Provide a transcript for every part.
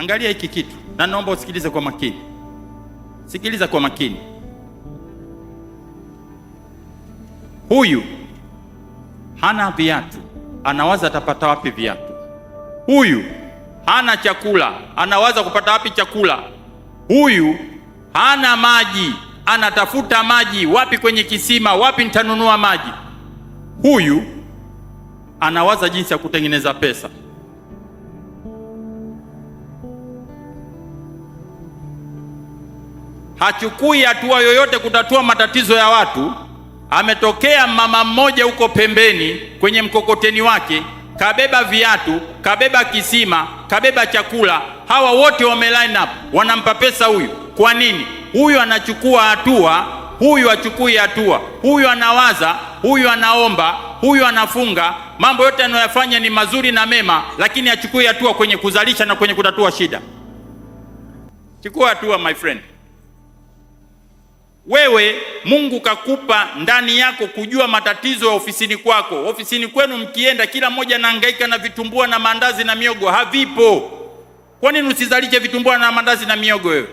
Angalia hiki kitu, na naomba usikilize kwa makini. Sikiliza kwa makini. Huyu hana viatu, anawaza atapata wapi viatu. Huyu hana chakula, anawaza kupata wapi chakula. Huyu hana maji, anatafuta maji wapi, kwenye kisima, wapi nitanunua maji. Huyu anawaza jinsi ya kutengeneza pesa. hachukui hatua yoyote kutatua matatizo ya watu. Ametokea mama mmoja huko pembeni kwenye mkokoteni wake, kabeba viatu, kabeba kisima, kabeba chakula. Hawa wote wame line up, wanampa pesa huyu. Kwa nini? Huyu anachukua hatua, huyu achukui hatua, huyu anawaza, huyu anaomba, huyu anafunga. Mambo yote anayoyafanya ni mazuri na mema, lakini achukui hatua kwenye kuzalisha na kwenye kutatua shida. Chukua hatua, my friend. Wewe Mungu kakupa ndani yako kujua matatizo ya ofisini kwako. Ofisini kwenu mkienda, kila mmoja anahangaika na vitumbua na mandazi na miogo, havipo. Kwa nini usizalishe vitumbua na mandazi na miogo wewe?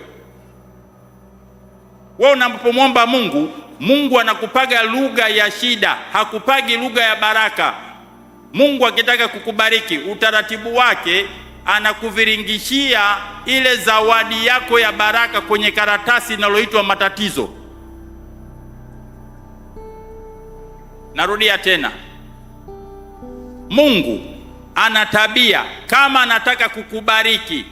Wewe unapomwomba Mungu, Mungu anakupaga lugha ya shida, hakupagi lugha ya baraka. Mungu akitaka kukubariki utaratibu wake anakuviringishia ile zawadi yako ya baraka kwenye karatasi linaloitwa matatizo. Narudia tena, Mungu ana tabia, kama anataka kukubariki,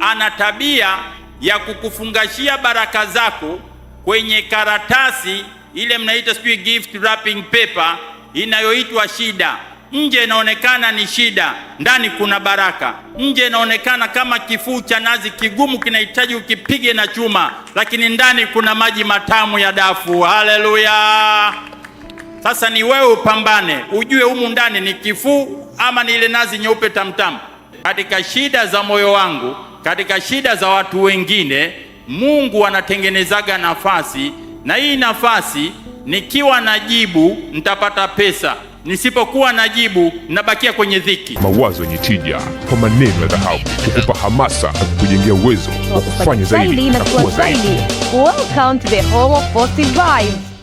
ana tabia ya kukufungashia baraka zako kwenye karatasi ile mnaita sijui gift wrapping paper inayoitwa shida. Nje inaonekana ni shida, ndani kuna baraka. Nje inaonekana kama kifuu cha nazi kigumu, kinahitaji ukipige na chuma, lakini ndani kuna maji matamu ya dafu. Haleluya! Sasa ni wewe upambane, ujue humu ndani ni kifuu ama ni ile nazi nyeupe tamtamu. Katika shida za moyo wangu, katika shida za watu wengine, Mungu anatengenezaga nafasi, na hii nafasi nikiwa najibu, nitapata pesa Nisipokuwa na jibu, nabakia kwenye dhiki. Mawazo yenye tija kwa maneno ya dhahabu kukupa hamasa na kukujengea uwezo wa kufanya zaidi na kuwa zaidi. Welcome to the home of positive vibes.